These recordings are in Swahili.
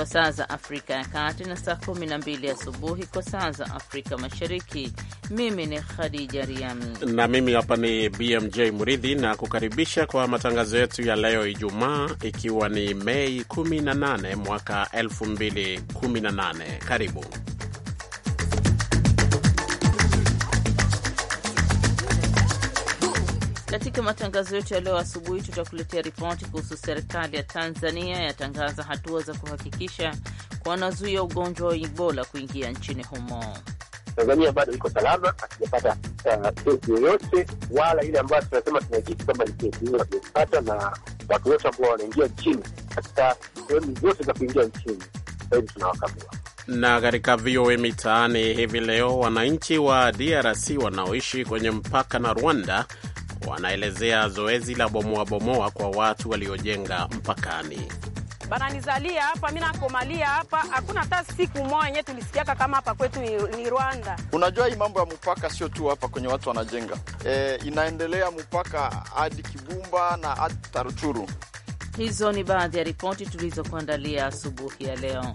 kwa saa za Afrika ya Kati na saa 12 asubuhi kwa saa za Afrika Mashariki. Mimi ni Khadija Riami na mimi hapa ni BMJ Muridhi na kukaribisha kwa matangazo yetu ya leo Ijumaa, ikiwa ni Mei 18 mwaka 2018. Karibu Katika matangazo yetu ya leo asubuhi, tutakuletea ripoti kuhusu serikali ya Tanzania yatangaza hatua za kuhakikisha kwa wanazuia ugonjwa wa Ebola kuingia nchini humo. Tanzania bado iko salama, hatujapata uh, kesi yoyote wala ile ambayo tunasema tunahisi kwamba ni kesi hiyo hatujapata, na watu wote ambao wanaingia nchini katika sehemu zote za kuingia nchini sahivi tunawakagua na katika VOA Mitaani hivi leo, wananchi wa DRC wanaoishi kwenye mpaka na Rwanda wanaelezea zoezi la bomoa bomoa kwa watu waliojenga mpakani. Bananizalia hapa, mi nakomalia hapa, hakuna hata siku moja yenyewe tulisikiaka kama hapa kwetu ni Rwanda. Unajua hii mambo ya mpaka sio tu hapa kwenye watu wanajenga e, inaendelea mpaka hadi Kibumba na hadi Taruchuru. Hizo ni baadhi ya ripoti tulizokuandalia asubuhi ya leo.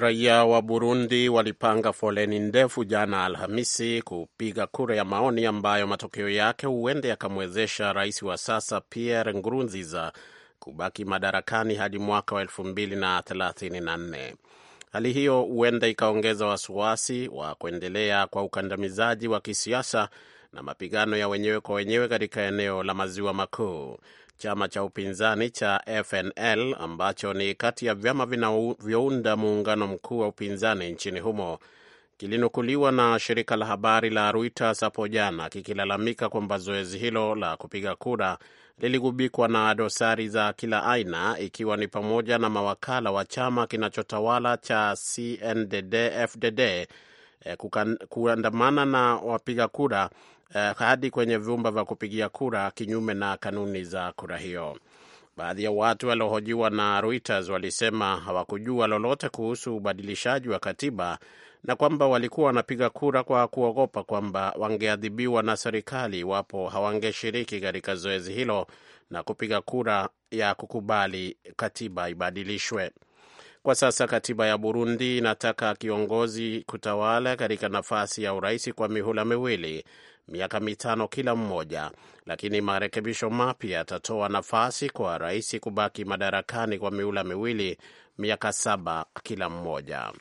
Raia wa Burundi walipanga foleni ndefu jana Alhamisi kupiga kura ya maoni ambayo matokeo yake huenda yakamwezesha rais wa sasa Pierre Nkurunziza kubaki madarakani hadi mwaka wa elfu mbili na thelathini na nne. Hali hiyo huenda ikaongeza wasiwasi wa kuendelea kwa ukandamizaji wa kisiasa na mapigano ya wenyewe kwa wenyewe katika eneo la maziwa makuu. Chama cha upinzani cha FNL ambacho ni kati ya vyama vinavyounda muungano mkuu wa upinzani nchini humo kilinukuliwa na shirika la habari la Reuters hapo jana kikilalamika kwamba zoezi hilo la kupiga kura liligubikwa na dosari za kila aina, ikiwa ni pamoja na mawakala wa chama kinachotawala cha CNDD-FDD eh, kuandamana na wapiga kura eh, hadi kwenye vyumba vya kupigia kura kinyume na kanuni za kura hiyo. Baadhi ya watu waliohojiwa na Reuters walisema hawakujua lolote kuhusu ubadilishaji wa katiba na kwamba walikuwa wanapiga kura kwa kuogopa kwamba wangeadhibiwa na serikali iwapo hawangeshiriki katika zoezi hilo na kupiga kura ya kukubali katiba ibadilishwe. Kwa sasa katiba ya Burundi inataka kiongozi kutawala katika nafasi ya urais kwa mihula miwili, miaka mitano kila mmoja, lakini marekebisho mapya yatatoa nafasi kwa rais kubaki madarakani kwa mihula miwili, miaka saba kila mmoja.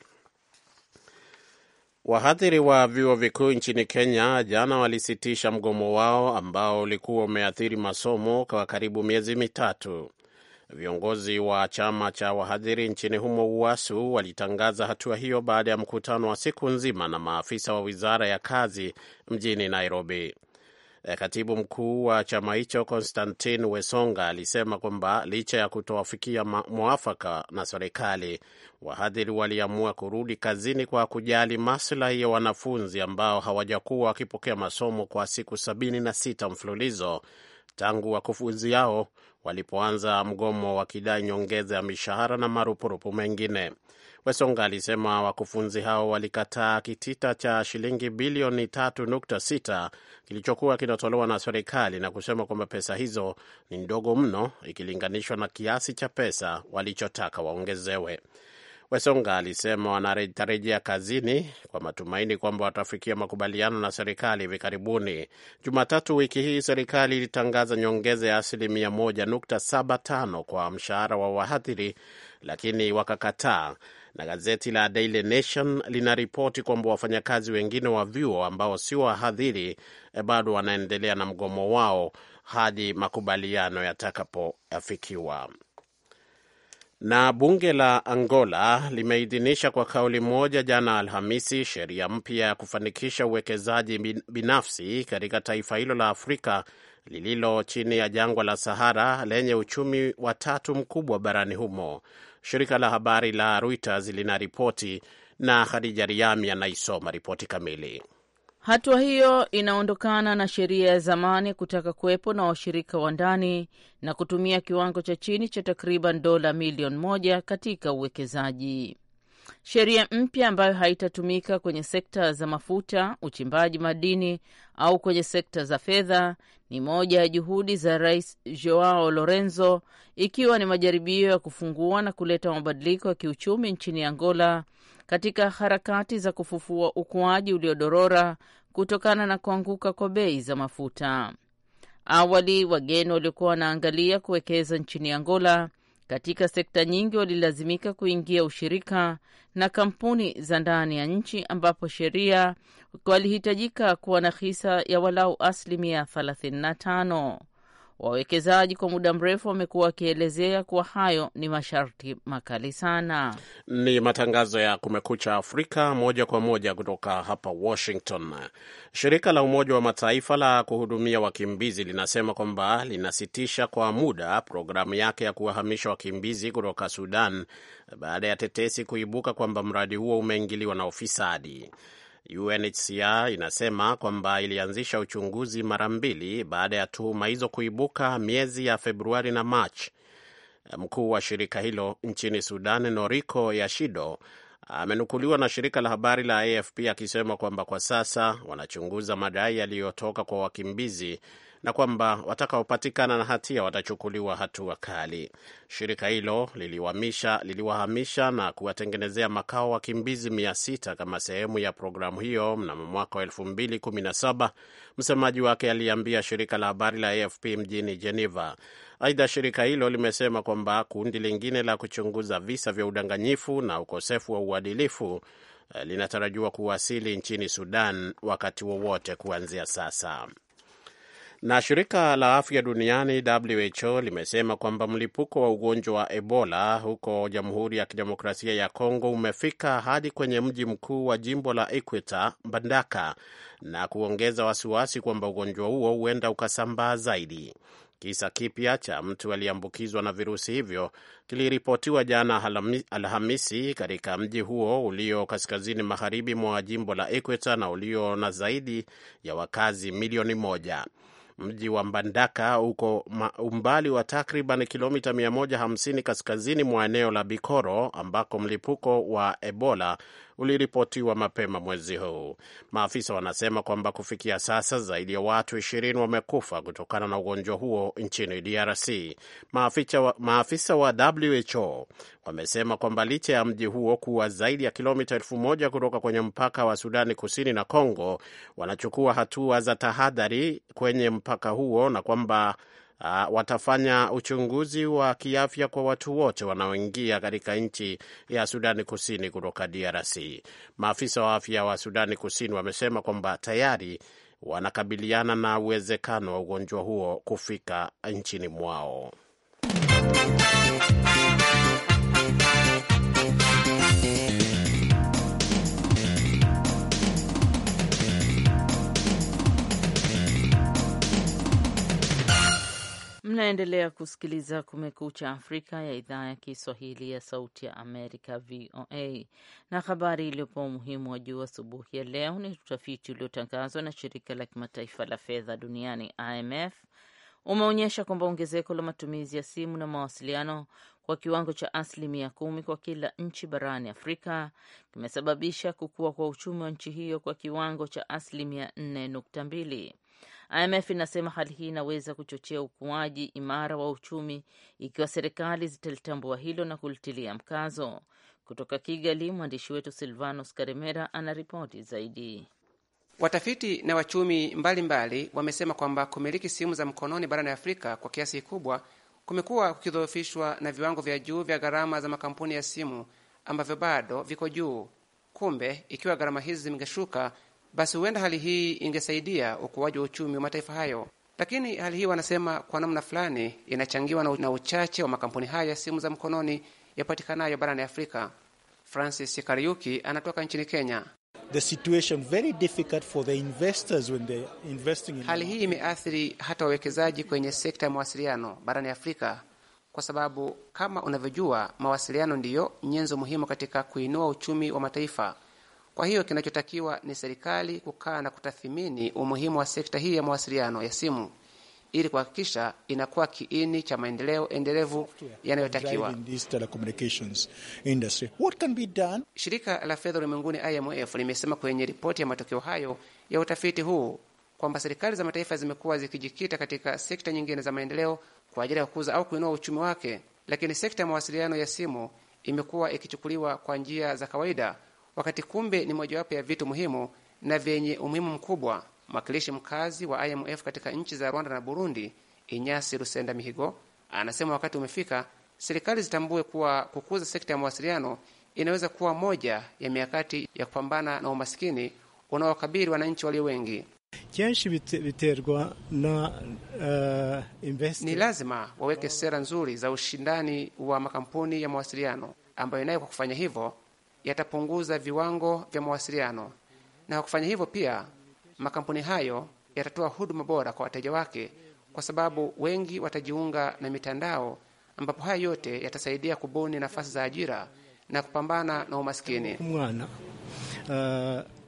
Wahadhiri wa vyuo vikuu nchini Kenya jana walisitisha mgomo wao ambao ulikuwa umeathiri masomo kwa karibu miezi mitatu. Viongozi wa chama cha wahadhiri nchini humo UASU walitangaza hatua hiyo baada ya mkutano wa siku nzima na maafisa wa wizara ya kazi mjini Nairobi. Eh, katibu mkuu wa chama hicho Konstantin Wesonga alisema kwamba licha ya kutoafikia mwafaka na serikali, wahadhiri waliamua kurudi kazini kwa kujali maslahi ya wanafunzi ambao hawajakuwa wakipokea masomo kwa siku sabini na sita mfululizo tangu wakufunzi yao walipoanza mgomo wakidai nyongeza ya mishahara na marupurupu mengine. Wesonga alisema wakufunzi hao walikataa kitita cha shilingi bilioni 3.6 kilichokuwa kinatolewa na serikali na kusema kwamba pesa hizo ni ndogo mno ikilinganishwa na kiasi cha pesa walichotaka waongezewe. Wesonga alisema wanatarejea kazini kwa matumaini kwamba watafikia makubaliano na serikali hivi karibuni. Jumatatu wiki hii serikali ilitangaza nyongeza ya asilimia 1.75 kwa mshahara wa wahadhiri, lakini wakakataa. Na gazeti la Daily Nation linaripoti kwamba wafanyakazi wengine wa vyuo ambao si wahadhiri eh, bado wanaendelea na mgomo wao hadi makubaliano yatakapoafikiwa. Na bunge la Angola limeidhinisha kwa kauli moja jana Alhamisi sheria mpya ya kufanikisha uwekezaji binafsi katika taifa hilo la Afrika lililo chini ya jangwa la Sahara lenye uchumi wa tatu mkubwa barani humo. Shirika la habari la Reuters linaripoti na Khadija Riami anaisoma ripoti kamili. Hatua hiyo inaondokana na sheria ya zamani kutaka kuwepo na washirika wa ndani na kutumia kiwango cha chini cha takriban dola milioni moja katika uwekezaji. Sheria mpya ambayo haitatumika kwenye sekta za mafuta, uchimbaji madini au kwenye sekta za fedha ni moja ya juhudi za Rais Joao Lorenzo, ikiwa ni majaribio ya kufungua na kuleta mabadiliko ya kiuchumi nchini Angola katika harakati za kufufua ukuaji uliodorora kutokana na kuanguka kwa bei za mafuta. Awali wageni waliokuwa wanaangalia kuwekeza nchini Angola katika sekta nyingi walilazimika kuingia ushirika na kampuni za ndani ya nchi, ambapo sheria walihitajika kuwa na hisa ya walau asilimia 35. Wawekezaji kwa muda mrefu wamekuwa wakielezea kuwa hayo ni masharti makali sana. Ni matangazo ya Kumekucha Afrika moja kwa moja kutoka hapa Washington. Shirika la Umoja wa Mataifa la kuhudumia wakimbizi linasema kwamba linasitisha kwa muda programu yake ya kuwahamisha wakimbizi kutoka Sudan baada ya tetesi kuibuka kwamba mradi huo umeingiliwa na ufisadi. UNHCR inasema kwamba ilianzisha uchunguzi mara mbili baada ya tuhuma hizo kuibuka miezi ya Februari na Machi. Mkuu wa shirika hilo nchini Sudan, Noriko Yashido, amenukuliwa na shirika la habari la AFP akisema kwamba kwa sasa wanachunguza madai yaliyotoka kwa wakimbizi na kwamba watakaopatikana na hatia watachukuliwa hatua kali. Shirika hilo liliwahamisha na kuwatengenezea makao wakimbizi mia sita kama sehemu ya programu hiyo mnamo mwaka wa elfu mbili kumi na saba. Msemaji wake aliambia shirika la habari la AFP mjini Geneva. Aidha, shirika hilo limesema kwamba kundi lingine la kuchunguza visa vya udanganyifu na ukosefu wa uadilifu eh, linatarajiwa kuwasili nchini Sudan wakati wowote kuanzia sasa. Na shirika la afya duniani WHO limesema kwamba mlipuko wa ugonjwa wa Ebola huko Jamhuri ya Kidemokrasia ya Kongo umefika hadi kwenye mji mkuu wa jimbo la Equator, Mbandaka, na kuongeza wasiwasi kwamba ugonjwa huo huenda ukasambaa zaidi. Kisa kipya cha mtu aliyeambukizwa na virusi hivyo kiliripotiwa jana Alhamisi katika mji huo ulio kaskazini magharibi mwa jimbo la Equator na ulio na zaidi ya wakazi milioni moja. Mji wa Mbandaka uko umbali wa takriban kilomita 150 kaskazini mwa eneo la Bikoro ambako mlipuko wa Ebola uliripotiwa mapema mwezi huu. Maafisa wanasema kwamba kufikia sasa zaidi ya watu ishirini wamekufa kutokana na ugonjwa huo nchini DRC. Maafisa wa, maafisa wa WHO wamesema kwamba licha ya mji huo kuwa zaidi ya kilomita elfu moja kutoka kwenye mpaka wa Sudani Kusini na congo wanachukua hatua za tahadhari kwenye mpaka huo na kwamba uh, watafanya uchunguzi wa kiafya kwa watu wote wanaoingia katika nchi ya Sudani Kusini kutoka DRC. Maafisa wa afya wa Sudani Kusini wamesema kwamba tayari wanakabiliana na uwezekano wa ugonjwa huo kufika nchini mwao. Mnaendelea kusikiliza Kumekucha Afrika ya idhaa ya Kiswahili ya Sauti ya Amerika, VOA. Na habari iliyopewa umuhimu wa juu asubuhi ya leo ni utafiti uliotangazwa na shirika la kimataifa la fedha duniani IMF umeonyesha kwamba ongezeko la matumizi ya simu na mawasiliano kwa kiwango cha asilimia kumi kwa kila nchi barani Afrika kimesababisha kukua kwa uchumi wa nchi hiyo kwa kiwango cha asilimia nne nukta mbili IMF inasema hali hii inaweza kuchochea ukuaji imara wa uchumi ikiwa serikali zitalitambua hilo na kulitilia mkazo. Kutoka Kigali, mwandishi wetu Silvanos Karemera anaripoti zaidi. Watafiti na wachumi mbalimbali mbali wamesema kwamba kumiliki simu za mkononi barani Afrika kwa kiasi kikubwa kumekuwa kukidhoofishwa na viwango vya juu vya gharama za makampuni ya simu ambavyo bado viko juu. Kumbe ikiwa gharama hizi zingeshuka basi huenda hali hii ingesaidia ukuaji wa uchumi wa mataifa hayo. Lakini hali hii wanasema kwa namna fulani inachangiwa na uchache wa makampuni haya simu za mkononi yapatikanayo barani Afrika. Francis Kariuki anatoka nchini Kenya. The situation very difficult for the investors when they investing in. Hali hii imeathiri hata wawekezaji kwenye sekta ya mawasiliano barani Afrika, kwa sababu kama unavyojua, mawasiliano ndiyo nyenzo muhimu katika kuinua uchumi wa mataifa. Kwa hiyo kinachotakiwa ni serikali kukaa na kutathimini umuhimu wa sekta hii ya mawasiliano ya simu ili kuhakikisha inakuwa kiini cha maendeleo endelevu yanayotakiwa. Shirika la fedha ulimwenguni IMF limesema kwenye ripoti ya matokeo hayo ya utafiti huu kwamba serikali za mataifa zimekuwa zikijikita katika sekta nyingine za maendeleo kwa ajili ya kukuza au kuinua uchumi wake, lakini sekta ya mawasiliano ya simu imekuwa ikichukuliwa kwa njia za kawaida wakati kumbe ni mojawapo ya vitu muhimu na vyenye umuhimu mkubwa. Mwakilishi mkazi wa IMF katika nchi za Rwanda na Burundi, Inyasi Rusenda Mihigo, anasema wakati umefika serikali zitambue kuwa kukuza sekta ya mawasiliano inaweza kuwa moja ya mikakati ya kupambana na umasikini unaowakabili wananchi walio wengi. Biterwa na, uh, ni lazima waweke sera nzuri za ushindani wa makampuni ya mawasiliano ambayo inayo kwa kufanya hivyo yatapunguza viwango vya mawasiliano, na kwa kufanya hivyo pia makampuni hayo yatatoa huduma bora kwa wateja wake, kwa sababu wengi watajiunga na mitandao, ambapo haya yote yatasaidia kubuni nafasi za ajira na kupambana na umaskini. Mwana uh,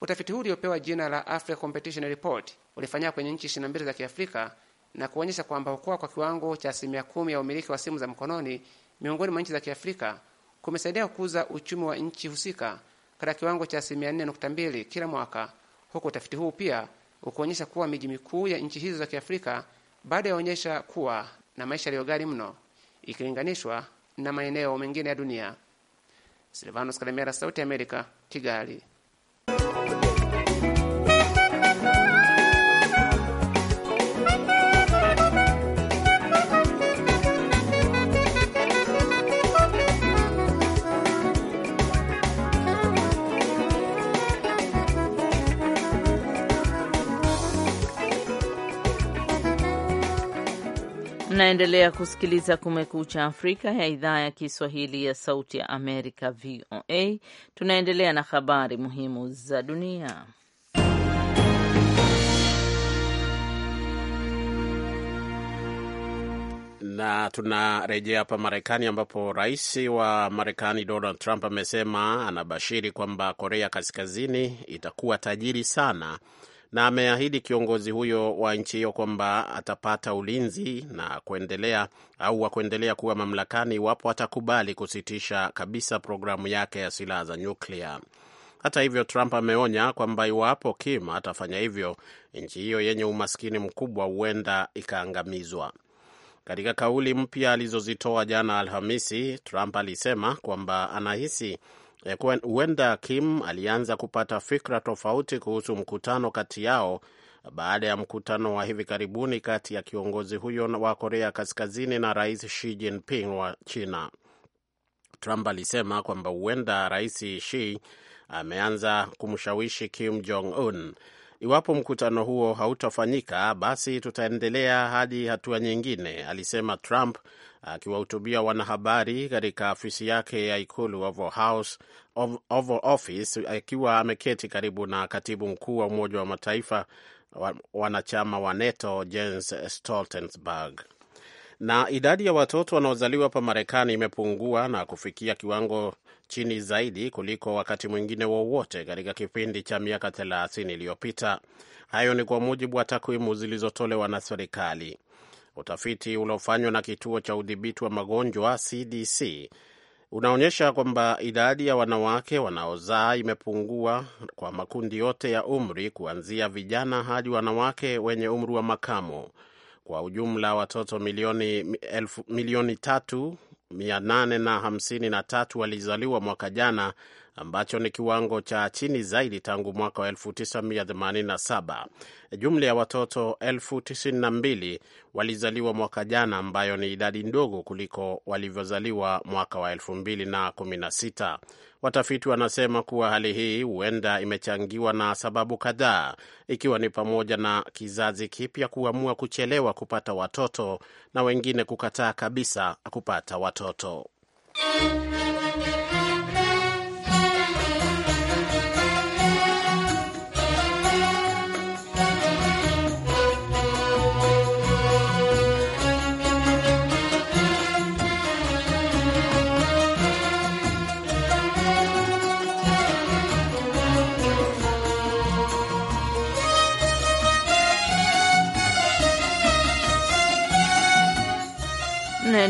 utafiti huu uliopewa jina la Africa Competition Report ulifanyika kwenye nchi 22 za Kiafrika na kuonyesha kwamba kukua kwa kiwango cha asilimia kumi ya umiliki wa simu za mkononi miongoni mwa nchi za Kiafrika kumesaidia kukuza uchumi wa nchi husika katika kiwango cha asilimia 4.2 kila mwaka, huku utafiti huu pia ukionyesha kuwa miji mikuu ya nchi hizo za Kiafrika bado yaonyesha kuwa na maisha yaliyo ghali mno ikilinganishwa na maeneo mengine ya dunia. Silvanos Kalemera, Sauti ya Amerika, Kigali. Unaendelea kusikiliza Kumekucha Afrika ya idhaa ya Kiswahili ya Sauti ya Amerika, VOA. Tunaendelea na habari muhimu za dunia. na tunarejea hapa Marekani ambapo rais wa Marekani Donald Trump amesema anabashiri kwamba Korea Kaskazini itakuwa tajiri sana na ameahidi kiongozi huyo wa nchi hiyo kwamba atapata ulinzi na kuendelea au wa kuendelea kuwa mamlakani iwapo atakubali kusitisha kabisa programu yake ya silaha za nyuklia. Hata hivyo, Trump ameonya kwamba iwapo Kim atafanya hivyo, nchi hiyo yenye umaskini mkubwa huenda ikaangamizwa. Katika kauli mpya alizozitoa jana Alhamisi, Trump alisema kwamba anahisi Eh, huenda Kim alianza kupata fikra tofauti kuhusu mkutano kati yao baada ya mkutano wa hivi karibuni kati ya kiongozi huyo wa Korea Kaskazini na Rais Xi Jinping wa China. Trump alisema kwamba huenda Rais Xi ameanza kumshawishi Kim Jong Un. Iwapo mkutano huo hautafanyika, basi tutaendelea hadi hatua nyingine, alisema Trump Akiwahutubia wanahabari katika afisi yake ya ikulu Oval House, Oval Office, akiwa ameketi karibu na katibu mkuu wa Umoja wa Mataifa wanachama wa NATO Jens Stoltenberg. Na idadi ya watoto wanaozaliwa hapa Marekani imepungua na kufikia kiwango chini zaidi kuliko wakati mwingine wowote wa katika kipindi cha miaka 30 iliyopita. Hayo ni kwa mujibu wa takwimu zilizotolewa na serikali. Utafiti uliofanywa na kituo cha udhibiti wa magonjwa CDC unaonyesha kwamba idadi ya wanawake wanaozaa imepungua kwa makundi yote ya umri kuanzia vijana hadi wanawake wenye umri wa makamo. Kwa ujumla watoto milioni, elfu, milioni tatu mia nane na hamsini na tatu walizaliwa mwaka jana ambacho ni kiwango cha chini zaidi tangu mwaka wa 1987. Jumla ya watoto 92 walizaliwa mwaka jana, ambayo ni idadi ndogo kuliko walivyozaliwa mwaka wa 2016. Watafiti wanasema kuwa hali hii huenda imechangiwa na sababu kadhaa, ikiwa ni pamoja na kizazi kipya kuamua kuchelewa kupata watoto na wengine kukataa kabisa kupata watoto.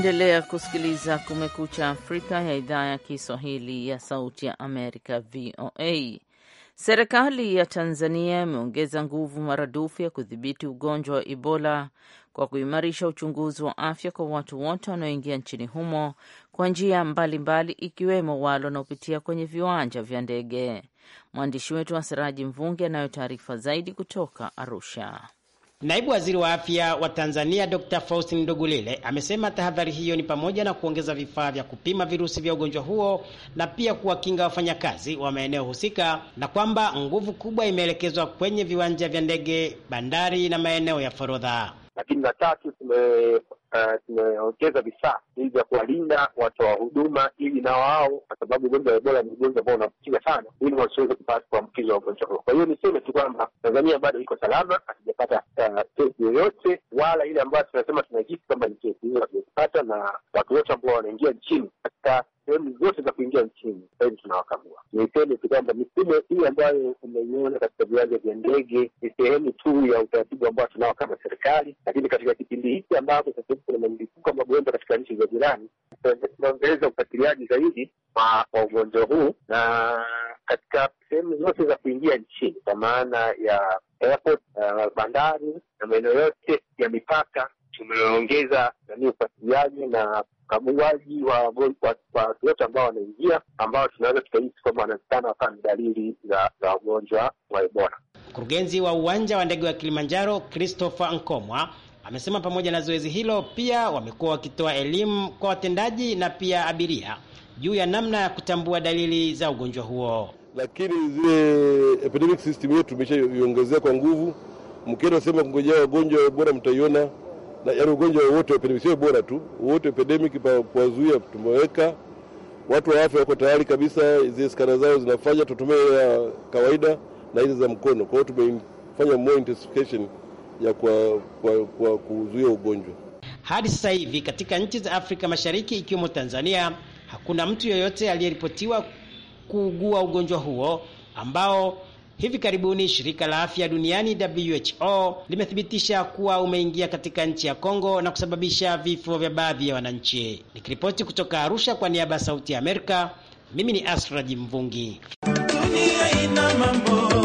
Unaendelea kusikiliza Kumekucha Afrika ya idhaa ya Kiswahili ya Sauti ya Amerika, VOA. Serikali ya Tanzania imeongeza nguvu maradufu ya kudhibiti ugonjwa wa Ebola kwa kuimarisha uchunguzi wa afya kwa watu wote wanaoingia nchini humo kwa njia mbalimbali, ikiwemo wale wanaopitia kwenye viwanja vya ndege. Mwandishi wetu wa Seraji Mvungi anayo taarifa zaidi kutoka Arusha. Naibu Waziri wa Afya wa Tanzania Dr. Faustin Ndugulile amesema tahadhari hiyo ni pamoja na kuongeza vifaa vya kupima virusi vya ugonjwa huo na pia kuwakinga wafanyakazi wa maeneo husika na kwamba nguvu kubwa imeelekezwa kwenye viwanja vya ndege, bandari na maeneo ya forodha. Lakini la tatu eh, tumeongeza uh, vifaa ili ya kuwalinda watoa huduma ili na wao, kwa sababu ugonjwa wa Ebola ni ugonjwa ambao unaambukiza sana, ili wasiweze kupata kuambukizwa ugonjwa huo. Kwa hiyo niseme tu kwamba Tanzania bado iko salama, hatujapata uh, kesi yoyote, wala ile ambayo tunasema tunajisi kwamba ni kesi hizo hatujazipata, na watu wote ambao wanaingia nchini katika sehemu zote za kuingia nchini sasa hivi tunawakagua. Niseme tu kwamba mifumo hii ambayo umeiona katika viwanja vya ndege ni sehemu tu ya utaratibu ambao tunao kama serikali, lakini katika kipindi hiki ambapo sasa hivi kuna mlipuko wa magonjwa katika nchi ya jirani tunaongeza ufatiliaji zaidi wa ugonjwa huu na katika sehemu zote za kuingia nchini kwa maana ya airport, uh, bandari na maeneo yote ya mipaka tumeongeza nani ufatiliaji na ukaguaji wa watu wote ambao wanaingia ambao tunaweza tukahisi kwamba wanaonekana wakawa ni dalili za ugonjwa wa Ebola. Mkurugenzi wa uwanja wa ndege wa Kilimanjaro Christopher Nkomwa Amesema pamoja na zoezi hilo pia wamekuwa wakitoa elimu kwa watendaji na pia abiria juu ya namna ya kutambua dalili za ugonjwa huo. Lakini zile epidemic system yetu kwa nguvu. Mkienda sema kungojea wagonjwa bora, mtaiona na yaani ugonjwa wote epidemic, sio bora tu, wote epidemic kuwazuia tumeweka. Watu wa afya wako tayari kabisa, zile skana zao zinafanya, tutumie ya kawaida na hizi za mkono. Kwa hiyo tumefanya more intensification ya kwa, kwa, kwa kuzuia ugonjwa. Hadi sasa hivi katika nchi za Afrika Mashariki ikiwemo Tanzania hakuna mtu yoyote aliyeripotiwa kuugua ugonjwa huo ambao hivi karibuni shirika la afya duniani WHO limethibitisha kuwa umeingia katika nchi ya Kongo na kusababisha vifo vya baadhi ya wananchi. Nikiripoti kutoka Arusha kwa niaba ya Sauti ya Amerika, mimi ni Asraji Mvungi. Dunia ina mambo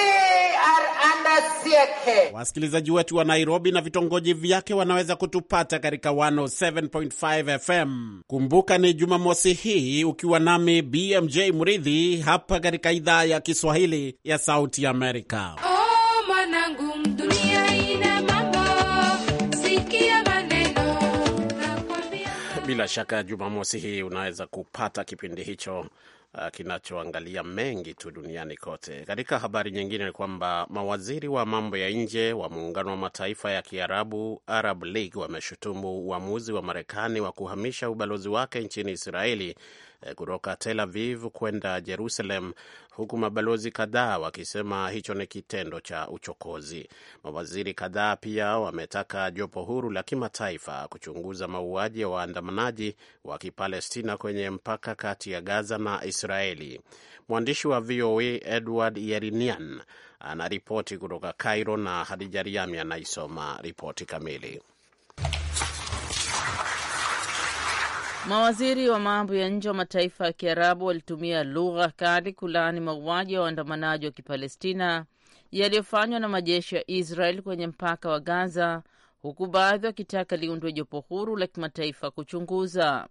Mbeke. Wasikilizaji wetu wa Nairobi na vitongoji vyake wanaweza kutupata katika 107.5 FM. Kumbuka ni Jumamosi hii ukiwa nami BMJ Mridhi hapa katika idhaa ya Kiswahili ya Sauti Amerika. Oh, bila shaka Jumamosi hii unaweza kupata kipindi hicho uh, kinachoangalia mengi tu duniani kote. Katika habari nyingine ni kwamba mawaziri wa mambo ya nje wa Muungano wa Mataifa ya Kiarabu, Arab League, wameshutumu uamuzi wa Marekani wa kuhamisha ubalozi wake nchini Israeli Eh, kutoka Tel Aviv kwenda Jerusalem, huku mabalozi kadhaa wakisema hicho ni kitendo cha uchokozi. Mawaziri kadhaa pia wametaka jopo huru la kimataifa kuchunguza mauaji ya waandamanaji wa Kipalestina kwenye mpaka kati ya Gaza na Israeli. Mwandishi wa VOA e Edward Yerinian anaripoti kutoka Cairo na Hadija Riami anaisoma ripoti kamili. Mawaziri wa mambo ya nje wa mataifa ya Kiarabu walitumia lugha kali kulaani mauaji ya waandamanaji wa Kipalestina yaliyofanywa na majeshi ya Israel kwenye mpaka wa Gaza, huku baadhi wakitaka liundwe jopo huru la kimataifa kuchunguza.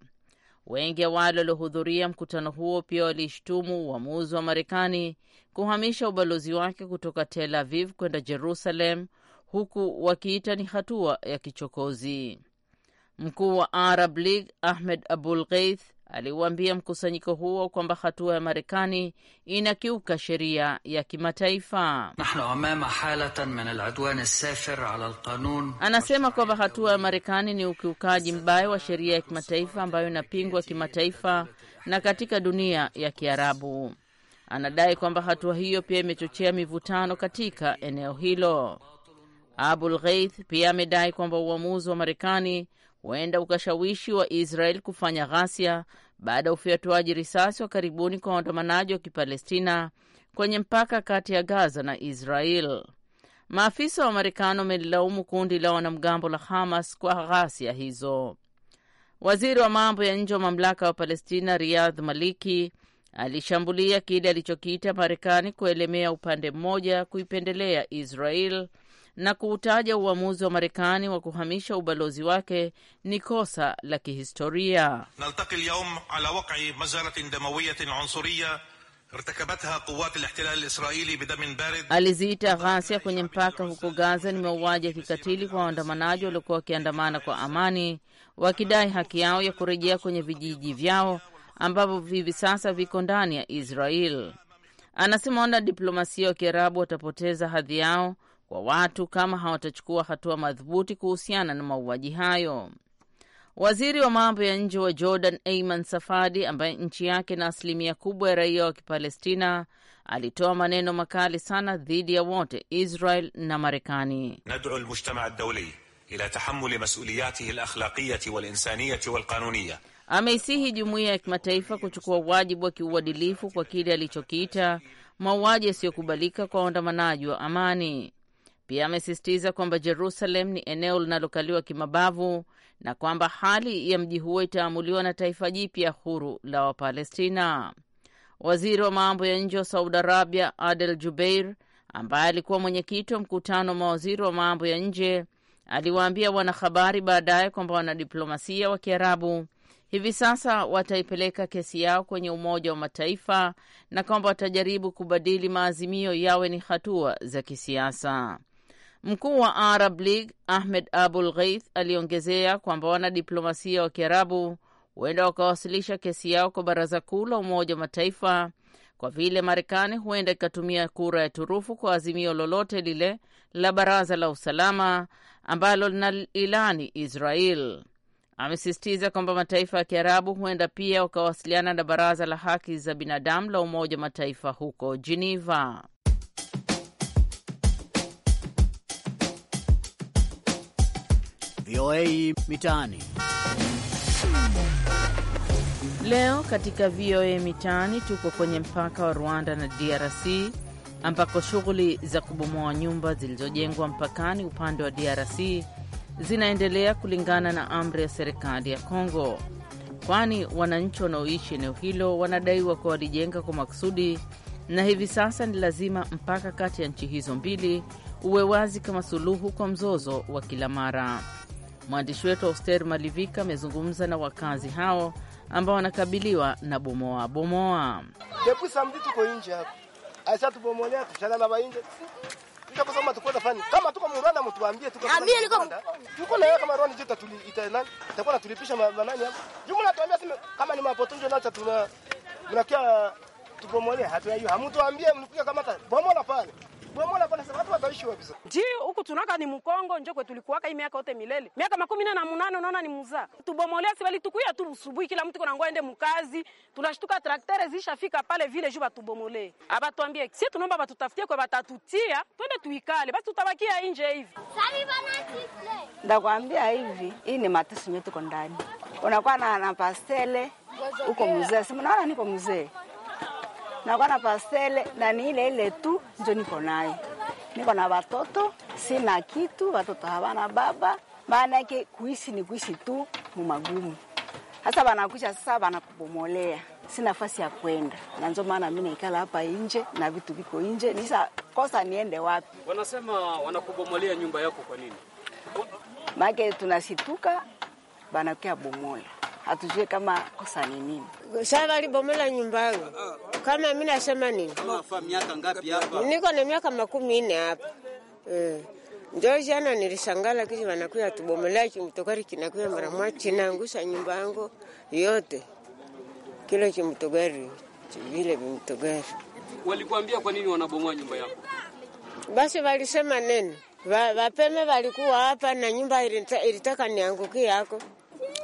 Wengi ya wale waliohudhuria mkutano huo pia walishtumu uamuzi wa Marekani kuhamisha ubalozi wake kutoka Tel Aviv kwenda Jerusalem, huku wakiita ni hatua ya kichokozi. Mkuu wa Arab League Ahmed Abul Gheith aliuambia mkusanyiko huo kwamba hatua ya Marekani inakiuka sheria ya kimataifa. Anasema kwamba hatua ya Marekani ni ukiukaji mbaya wa sheria ya kimataifa ambayo inapingwa kimataifa na katika dunia ya Kiarabu. Anadai kwamba hatua hiyo pia imechochea mivutano katika eneo hilo. Abul Gheith pia amedai kwamba uamuzi wa Marekani huenda ukashawishi wa Israel kufanya ghasia baada ya ufyatuaji risasi wa karibuni kwa waandamanaji wa Kipalestina kwenye mpaka kati ya Gaza na Israel. Maafisa wa Marekani wamelilaumu kundi la wanamgambo la Hamas kwa ghasia hizo. Waziri wa mambo ya nje wa mamlaka wa Palestina Riyadh Maliki alishambulia kile alichokiita Marekani kuelemea upande mmoja kuipendelea Israel na kuutaja uamuzi wa Marekani wa kuhamisha ubalozi wake ni kosa la kihistoria. naltaqi alyawm ala waqi mazaratin damawiyatin unsuriya irtakabatha quwat al-ihtilal bidamin barid. Aliziita ghasia kwenye mpaka huko Gaza ni mauaji ya kikatili kwa waandamanaji waliokuwa wakiandamana kwa amani, wakidai haki yao ya kurejea kwenye vijiji vyao ambavyo hivi sasa viko ndani ya Israel. Anasema wana diplomasia wa Kiarabu watapoteza hadhi yao kwa watu kama hawatachukua hatua madhubuti kuhusiana na mauaji hayo. Waziri wa mambo ya nje wa Jordan Ayman Safadi, ambaye nchi yake na asilimia kubwa ya raia wa Kipalestina, alitoa maneno makali sana dhidi ya wote Israel na Marekani. nadu lmujtamaa ila tahamuli masuliyatihi lakhlaqiyati walinsaniyati walqanuniya. Ameisihi jumuiya ya kimataifa kuchukua wajibu wa kiuadilifu kwa kile alichokiita mauaji yasiyokubalika kwa waandamanaji wa amani. Pia amesisitiza kwamba Jerusalem ni eneo linalokaliwa kimabavu na kwamba hali ya mji huo itaamuliwa na taifa jipya huru la Wapalestina. Waziri wa mambo ya nje wa Saudi Arabia Adel Jubeir, ambaye alikuwa mwenyekiti wa mkutano wa mawaziri wa mambo ya nje, aliwaambia wanahabari baadaye kwamba wanadiplomasia wa Kiarabu hivi sasa wataipeleka kesi yao kwenye Umoja wa Mataifa na kwamba watajaribu kubadili maazimio yawe ni hatua za kisiasa. Mkuu wa Arab League Ahmed Abul Gheith aliongezea kwamba wanadiplomasia wa Kiarabu huenda wakawasilisha kesi yao kwa Baraza Kuu la Umoja wa Mataifa kwa vile Marekani huenda ikatumia kura ya turufu kwa azimio lolote lile la Baraza la Usalama ambalo lina ilani Israel. Amesisitiza kwamba mataifa ya Kiarabu huenda pia wakawasiliana na Baraza la Haki za Binadamu la Umoja wa Mataifa huko Geneva. VOA Mitaani. Leo katika VOA Mitaani tuko kwenye mpaka wa Rwanda na DRC ambako shughuli za kubomoa nyumba zilizojengwa mpakani upande wa DRC zinaendelea kulingana na amri ya serikali ya Kongo, kwani wananchi wanaoishi eneo hilo wanadaiwa kuwa walijenga kwa makusudi, na hivi sasa ni lazima mpaka kati ya nchi hizo mbili uwe wazi kama suluhu kwa mzozo wa kila mara. Mwandishi wetu Auster Malivika amezungumza na wakazi hao ambao wanakabiliwa na bomoa bomoa. Tepusa mtu tuko nje hapa. Aisha tubomolea tushalala ba nje. Tutakusoma tukwenda fani. Kama tuko Muranda mtuambie tuko. Ambie niko. Tuko na kama Rwanda jita tuli itaenani. Itakuwa natulipisha manani hapa. Jumla tuambie sema kama ni mapotunjo na cha tuna mnakia tubomolea hatuayo. Hamtuambie mnikuja kama bomola pale. Ndio huku tunaka ni Mkongo njo kwetu tulikuwaka hii miaka yote milele. Miaka makumi na munane unaona ni muzaa. Tubomolea si bali tukuya tu usubuhi kila mtu kuna ngoa ende mkazi. Tunashtuka traktere zishafika pale vile juu batubomolee. Abatuambie si tunaomba batutafutie kwa batatutia, twende tuikale basi tutabakia nje hivi. Sabi bana sisle. Ndakwambia hivi, hii ni matesi yetu tuko ndani. Unakuwa na, na pastele uko muzee. Si mnaona niko muzee nakuwa na pastele na ni ile ile tu njo niko nayo. Niko na watoto, sina kitu, watoto hawana baba, maana yake kuishi ni kuishi tu mumagumu. Hasa wanakuja sasa wanakubomolea, sina nafasi ya kwenda, na ndio maana mimi naikala hapa nje na vitu viko nje, nisa kosa niende wapi? Wanasema wanakubomolea nyumba yako kwa nini? Maana tunasituka, banakia bomola hatujue kama kosa ni nini. Sasa alibomola nyumba yangu kama mimi nasema nini, Kama afa miaka ngapi hapa? Niko na miaka makumi nne hapa eh. Ndio jana nilishangala kisi wanakuya tubomolea kimtogari kinakuya mara mwa chinaangusha nyumba yangu yote. Kile kimtogari, vile vimtogari. Walikuambia kwa nini wanabomoa nyumba yako? Basi walisema nini? Wapeme walikuwa hapa na nyumba ilitaka niangukie yako.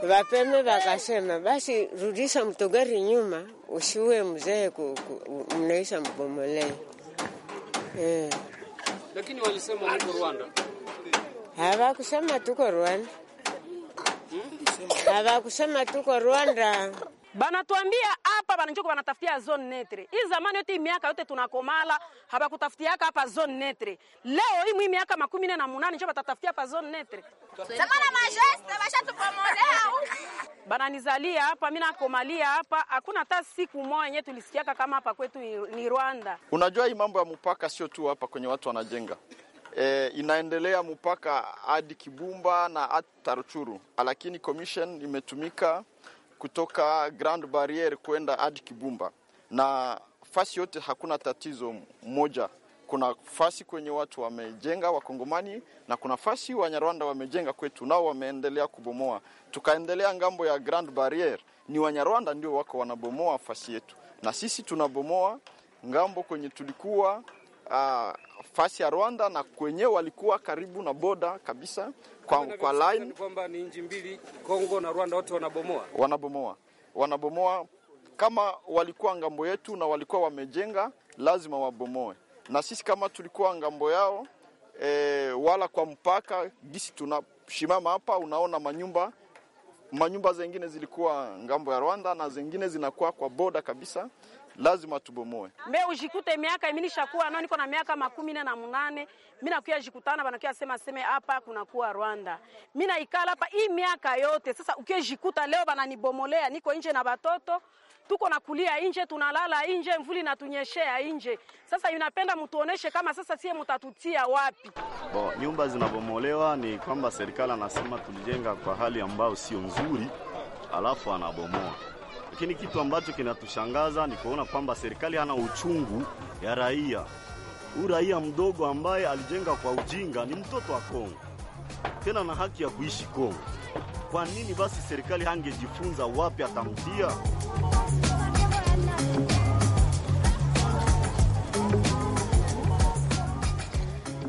Wapeme wakasema basi, rudisha mtogari nyuma, usiue mzee mnaisha mbomolei eh. Lakini walisema niko Rwanda, hawakusema tuko Rwanda, hmm? hawakusema tuko Rwanda, banatwambia hapa bananjiko banatafutia zone netre. Hii zamani yote miaka yote tunakomala habakutafutiaka hapa zone netre. Leo hii mimi miaka makumi nne na munane njo batatafutia hapa zone netre. Zamana majeste basha bashatukomolea bananizalia hapa, mimi nakomalia hapa, hakuna hata siku moja yenye tulisikiaka kama hapa kwetu ni Rwanda. Unajua hii mambo ya mpaka sio tu hapa kwenye watu wanajenga E, inaendelea mpaka hadi Kibumba na hadi Tarchuru, lakini commission imetumika kutoka Grand Barrier kwenda hadi Kibumba, na fasi yote hakuna tatizo moja. Kuna fasi kwenye watu wamejenga Wakongomani na kuna fasi Wanyarwanda wamejenga kwetu, nao wameendelea kubomoa. Tukaendelea ngambo ya Grand Barrier, ni Wanyarwanda ndio wako wanabomoa fasi yetu, na sisi tunabomoa ngambo kwenye tulikuwa ah, fasi ya Rwanda na kwenyewe walikuwa karibu na boda kabisa kwa, kwa line kwamba ni nchi mbili Kongo na Rwanda wote wanabomoa wanabomoa wanabomoa. Kama walikuwa ngambo yetu na walikuwa wamejenga, lazima wabomoe, na sisi kama tulikuwa ngambo yao e, wala kwa mpaka gisi tunashimama hapa, unaona manyumba manyumba zengine zilikuwa ngambo ya Rwanda na zengine zinakuwa kwa boda kabisa lazima tubomoe. Me ujikute miaka mimi nishakuwa nao, niko na miaka makumi nne na munane mimi nakuya jikutana banakuya sema seme hapa kuna kuwa Rwanda. Mimi naikala hapa hii miaka yote. Sasa jikuta leo bana nibomolea, niko nje na batoto tuko na kulia nje, tunalala nje, mvuli natunyeshea nje. Sasa inapenda mtuoneshe kama sasa sie mtatutia wapi? Bo, nyumba zinabomolewa ni kwamba serikali anasema tulijenga kwa hali ambayo sio nzuri, alafu anabomoa lakini kitu ambacho kinatushangaza ni kuona kwamba serikali hana uchungu ya raia. Huyu raia mdogo ambaye alijenga kwa ujinga ni mtoto wa Kongo, tena na haki ya kuishi Kongo. Kwa nini basi serikali hangejifunza wapi atamtia?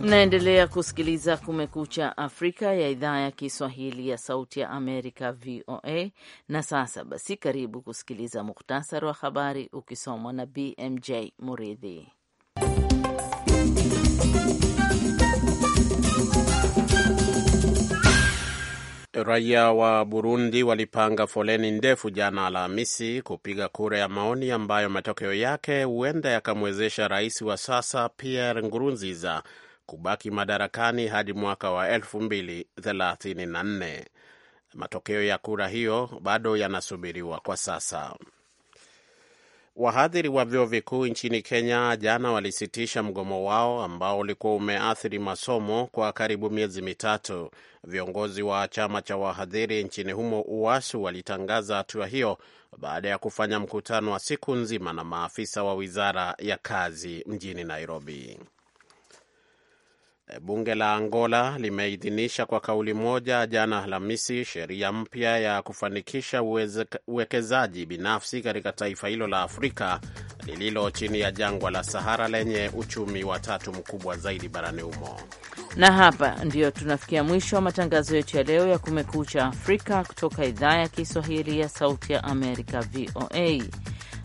Mnaendelea kusikiliza Kumekucha Afrika ya idhaa ya Kiswahili ya Sauti ya Amerika, VOA. Na sasa basi, karibu kusikiliza muhtasari wa habari ukisomwa na BMJ Muridhi. Raia wa Burundi walipanga foleni ndefu jana Alhamisi kupiga kura ya maoni ambayo matokeo yake huenda yakamwezesha rais wa sasa Pierre Nkurunziza kubaki madarakani hadi mwaka wa 2034. Matokeo ya kura hiyo bado yanasubiriwa kwa sasa. Wahadhiri wa vyuo vikuu nchini Kenya jana walisitisha mgomo wao ambao ulikuwa umeathiri masomo kwa karibu miezi mitatu. Viongozi wa chama cha wahadhiri nchini humo UASU walitangaza hatua hiyo baada ya kufanya mkutano wa siku nzima na maafisa wa wizara ya kazi mjini Nairobi. Eh, bunge la Angola limeidhinisha kwa kauli moja jana Alhamisi sheria mpya ya kufanikisha uwekezaji binafsi katika taifa hilo la Afrika lililo chini ya jangwa la Sahara lenye uchumi wa tatu mkubwa zaidi barani humo. Na hapa ndiyo tunafikia mwisho wa matangazo yetu ya leo ya Kumekucha Afrika kutoka idhaa ya Kiswahili ya Sauti ya Amerika, VOA.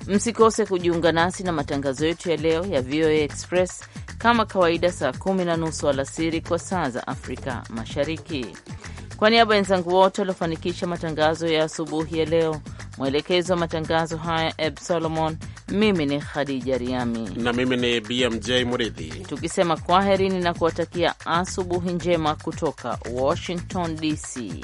Msikose kujiunga nasi na matangazo yetu ya leo ya VOA Express kama kawaida saa kumi na nusu alasiri kwa saa za Afrika Mashariki. Kwa niaba ya wenzangu wote waliofanikisha matangazo ya asubuhi ya leo, mwelekezo wa matangazo haya Eb Solomon, mimi ni Khadija Riami na mimi ni BMJ Muridhi, tukisema kwaherini na kuwatakia asubuhi njema kutoka Washington DC.